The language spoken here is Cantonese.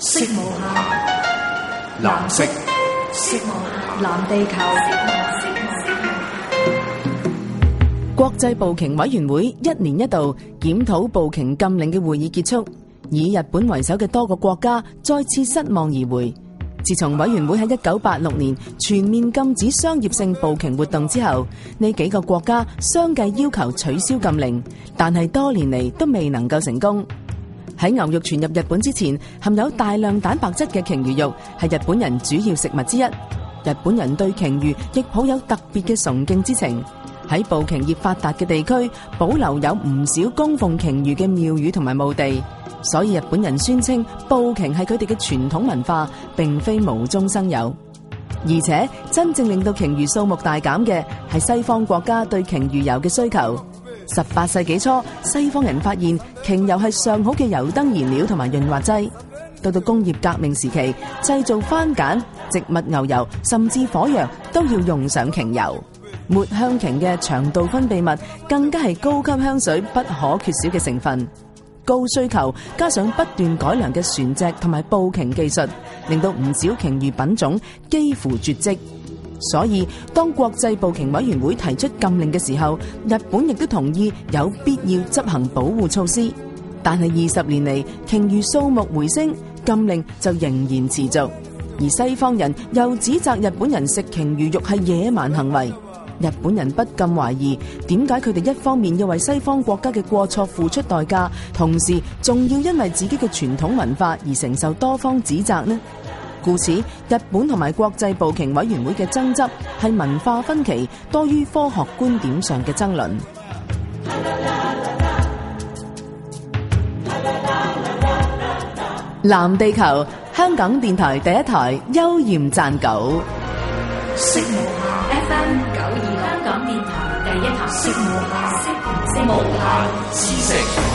色無限，藍色，色無限，藍地球。色母色母，國際捕鯨委員會一年一度，檢討捕鯨禁令嘅會議結束，以日本為首嘅多個國家再次失望而回。自從委員會喺一九八六年全面禁止商業性捕鯨活動之後，呢幾個國家相繼要求取消禁令，但係多年嚟，都未能夠成功。喺牛肉傳入日本之前，含有大量蛋白質嘅鯨魚肉係日本人主要食物之一。日本人對鯨魚亦抱有特別嘅崇敬之情。喺捕鯨業發達嘅地區，保留有唔少供奉鯨魚嘅廟宇同埋墓地。所以日本人宣稱捕鯨係佢哋嘅傳統文化，並非無中生有。而且真正令到鯨魚數目大減嘅，係西方國家對鯨魚油嘅需求。十八世紀初，西方人發現鯨油係上好嘅油燈燃料同埋潤滑劑。到到工業革命時期，製造番梘、植物牛油甚至火藥都要用上鯨油。抹香鯨嘅腸道分泌物更加係高級香水不可缺少嘅成分。高需求加上不斷改良嘅船隻同埋捕鯨技術，令到唔少鯨魚品種幾乎絕迹。所以，當國際捕鯨委員會提出禁令嘅時候，日本亦都同意有必要執行保護措施。但係二十年嚟，鯨魚數目回升，禁令就仍然持續。而西方人又指責日本人食鯨魚肉係野蠻行為。日本人不禁懷疑，點解佢哋一方面要為西方國家嘅過錯付出代價，同時仲要因為自己嘅傳統文化而承受多方指責呢？故此，日本同埋國際捕鯨委員會嘅爭執係文化分歧多於科學觀點上嘅爭論。藍地球，香港電台第一台，邱焱撰稿，色無 FM 九二，FM 92，香港電台第一台，色無限，色無